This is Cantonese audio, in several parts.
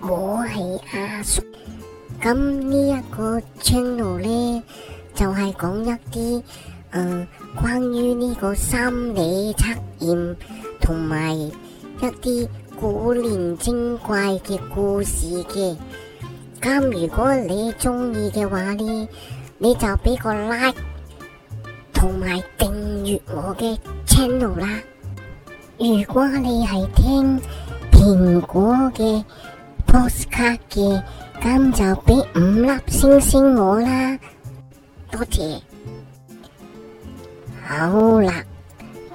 我係阿叔，咁呢、就是、一個 channel 呢就係講一啲誒關於呢個心理測驗同埋一啲古靈精怪嘅故事嘅。咁如果你中意嘅話呢，你就俾個 like 同埋訂閱我嘅 channel 啦。如果你係聽。蘋果嘅，波斯卡嘅，咁就畀五粒星星我啦，多謝。好啦，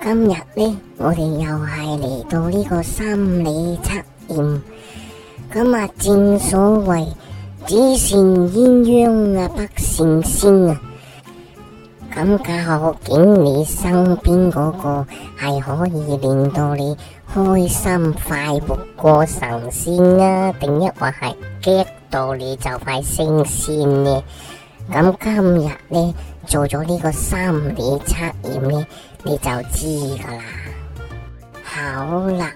今日咧，我哋又係嚟到呢個心理測驗，咁啊正所謂，只羨鴛鴦啊，不羨仙啊，咁假若見你身邊嗰個係可以令到你。開心快活過神仙啊！定一話係激到你就快升仙呢？咁今日呢，做咗呢個心理測驗呢，你就知噶啦。好啦，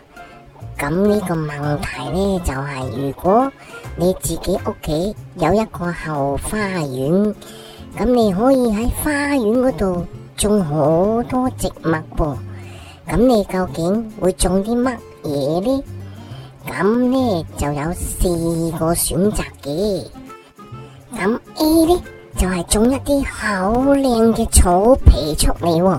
咁呢個問題呢，就係，如果你自己屋企有一個後花園，咁你可以喺花園嗰度種好多植物噃。咁你究竟會種啲乜嘢呢？咁呢就有四個選擇嘅。咁 A 呢就係種一啲好靚嘅草皮出嚟喎，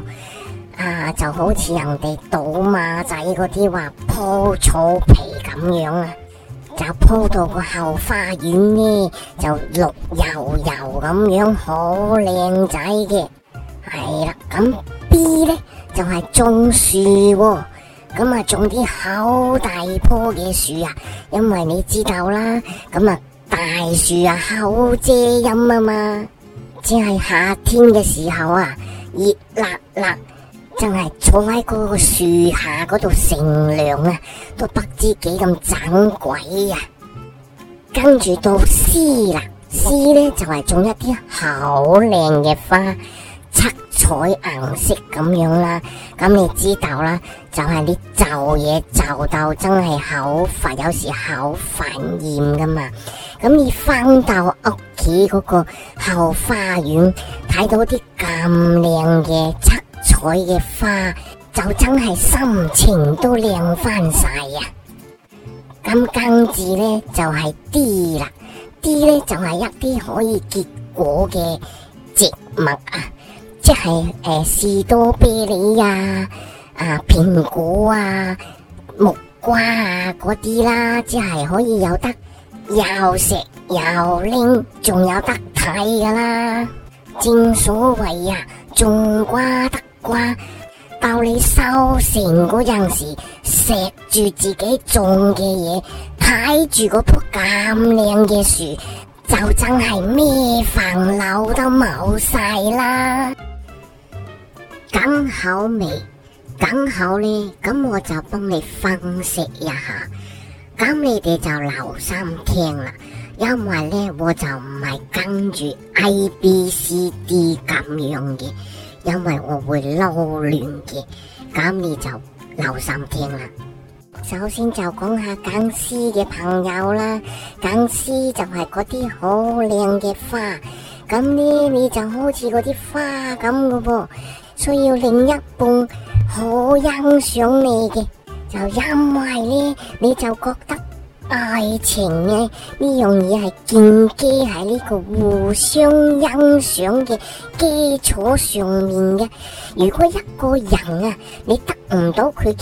啊就好似人哋賭馬仔嗰啲話鋪草皮咁樣啊，就鋪到個後花園呢就綠油油咁樣，好靚仔嘅。係啦，咁 B 呢？就係種樹、哦，咁啊種啲好大棵嘅樹啊，因為你知道啦，咁啊大樹啊好遮陰啊嘛，即係夏天嘅時候啊熱辣辣，真係坐喺嗰個樹下嗰度乘涼啊，都不知幾咁盞鬼啊！跟住到詩啦，詩咧就係、是、種一啲好靚嘅花。海顏色咁樣啦，咁你知道啦，就係、是、你做嘢做到真係好煩，有時好煩厭㗎嘛。咁你翻到屋企嗰個後花園，睇到啲咁靚嘅七彩嘅花，就真係心情都靚翻晒啊！咁跟住呢，就係、是、D 啦，D 呢就係、是、一啲可以結果嘅植物啊。即係誒、呃、士多啤梨啊，啊蘋果啊，木瓜啊嗰啲啦，只係可以有得又食又拎，仲有得睇噶啦。正所謂啊，種瓜得瓜，到你收成嗰陣時，食住自己種嘅嘢，睇住嗰棵咁靚嘅樹，就真係咩煩惱都冇晒啦。咁好味，咁好咧，咁我就幫你分析一下，咁你哋就留心聽啦。因為呢，我就唔係跟住 A B C D 咁樣嘅，因為我會撈亂嘅，咁你就留心聽啦。首先就講下講師嘅朋友啦，講師就係嗰啲好靚嘅花，咁呢，你就好似嗰啲花咁噶噃。需要另一半好欣賞你嘅，就因為呢，你就覺得愛情嘅呢樣嘢係建基喺呢個互相欣賞嘅基礎上面嘅。如果一個人啊，你得唔到佢嘅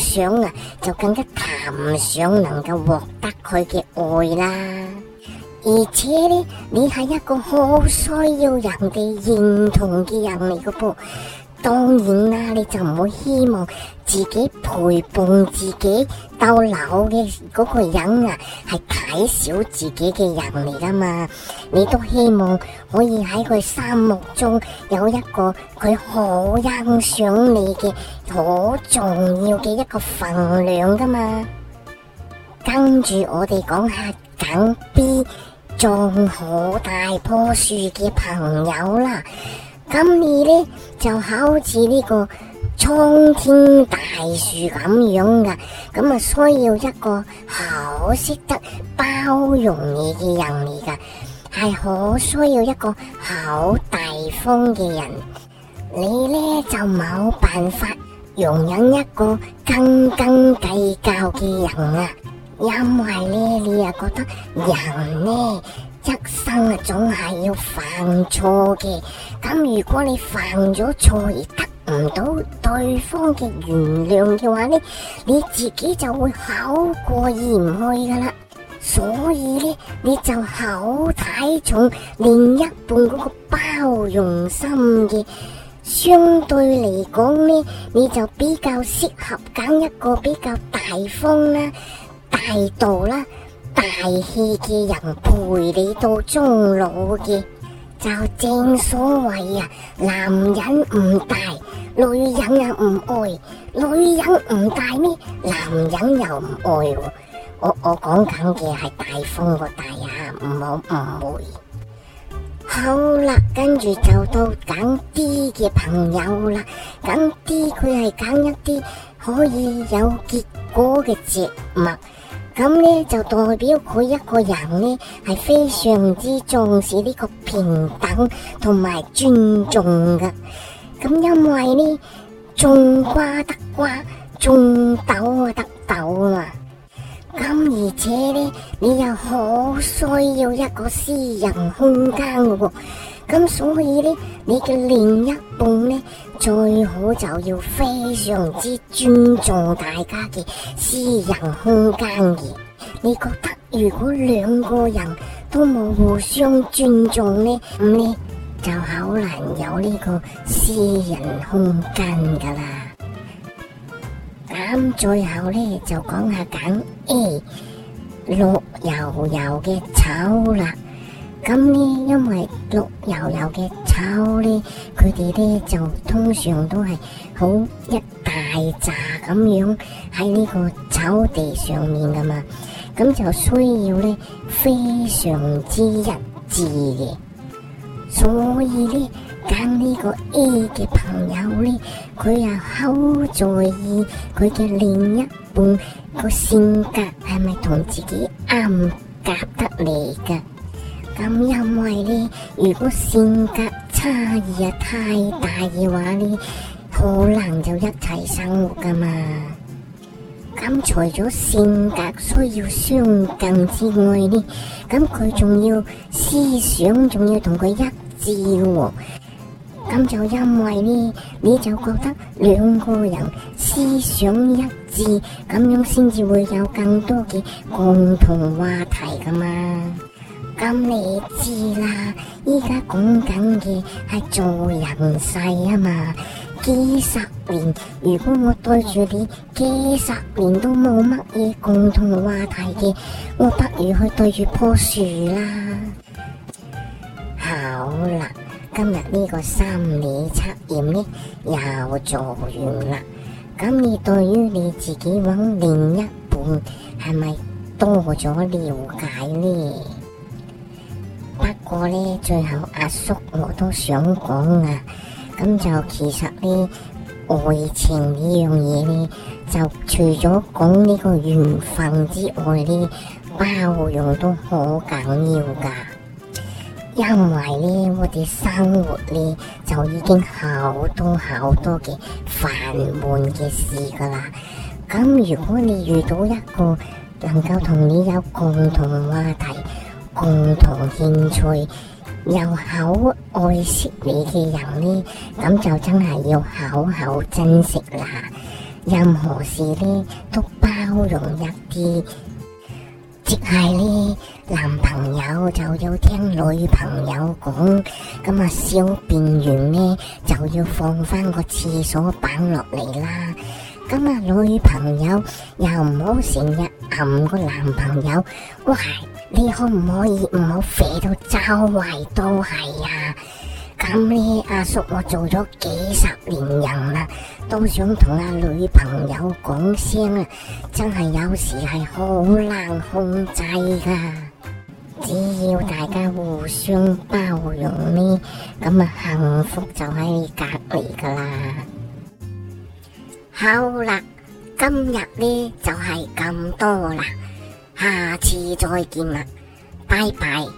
欣賞啊，就更加談唔上能夠獲得佢嘅愛啦。而且呢，你係一個好需要人哋認同嘅人嚟嘅噃，當然啦，你就唔會希望自己陪伴自己到老嘅嗰個人啊，係睇少自己嘅人嚟噶嘛。你都希望可以喺佢心目中有一個佢好欣賞你嘅、好重要嘅一個份量噶嘛。跟住我哋講下。等啲種好大棵樹嘅朋友啦，咁你呢，就好似呢個蒼天大樹咁樣噶，咁啊需要一個好識得包容你嘅人嚟噶，係好需要一個好大方嘅人，你呢，就冇辦法容忍一個斤斤計較嘅人啊！因為呢，你又覺得人呢，一生啊總係要犯錯嘅，咁如果你犯咗錯，而得唔到對方嘅原諒嘅話呢，你自己就會好過意唔去㗎喇。所以呢，你就好睇重另一半嗰個包容心嘅，相對嚟講呢，你就比較適合揀一個比較大方啦。態度啦，大度嘅人陪你到終老嘅，就正所謂啊，男人唔大，女人又唔愛，女人唔大咩？男人又唔愛，啊，我我講緊嘅係大風個大啊，唔好誤會。好啦，跟住就到揀啲嘅朋友啦，揀啲佢係揀一啲可以有結果嘅植物。咁呢就代表佢一個人呢，係非常之重視呢個平等同埋尊重噶。咁因為呢，種瓜得瓜，種豆得豆嘛。咁而且呢，你又好需要一個私人空間噶喎。咁所以呢，你嘅另一半呢，最好就要非常之尊重大家嘅私人空間嘅。你覺得如果兩個人都冇互相尊重呢，咁、嗯、咧就好難有呢個私人空間㗎喇。咁、嗯、最後呢，就講下揀 A 綠油油嘅草啦。咁呢，因為綠油油嘅草呢，佢哋呢就通常都係好一大紮咁樣喺呢個草地上面噶嘛，咁就需要呢非常之一致嘅，所以呢，揀呢個 A 嘅朋友呢，佢又好在意佢嘅另一半個性格係咪同自己啱夾得嚟噶。咁因為咧，如果性格差異啊太大嘅話咧，好難就一齊生活噶嘛。咁除咗性格需要相近之外呢，咁佢仲要思想，仲要同佢一致喎、哦。咁就因為呢，你就覺得兩個人思想一致，咁樣先至會有更多嘅共同話題噶嘛。咁你知啦，依家講緊嘅係做人世啊嘛，幾十年如果我對住你，幾十年都冇乜嘢共同嘅話題嘅，我不如去對住棵樹啦。好啦，今日呢個心理測驗呢又做完啦，咁你對於你自己揾另一半係咪多咗了解呢？我呢，最後，阿叔我都想講啊，咁就其實呢愛情呢樣嘢呢，就除咗講呢個緣分之外呢，包容都好緊要噶。因為呢，我哋生活呢，就已經好多好多嘅煩悶嘅事噶啦。咁如果你遇到一個能夠同你有共同話題。共同興趣又好愛惜你嘅人呢，咁就真係要好好珍惜啦。任何事呢，都包容一啲，即係呢男朋友就要聽女朋友講，咁啊小便完呢，就要放翻個廁所板落嚟啦。咁啊女朋友又唔好成日噏個男朋友，乖。你可唔可以唔好肥到周圍都係啊？咁呢，阿叔我做咗幾十年人啦，都想同阿、啊、女朋友講聲啊，真係有時係好難控制噶。只要大家互相包容呢，咁啊幸福就喺你隔籬噶啦。好啦，今日呢就係、是、咁多啦。下次再見啦，拜拜。